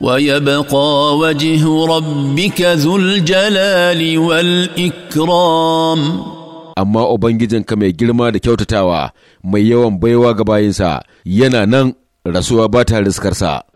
Wa ya ويبقى وجه ربك jalali wal والإكرام amma Ubangijinka mai girma da kyautatawa, mai yawan baiwa ga bayinsa, yana nan rasuwa ba ta riskarsa.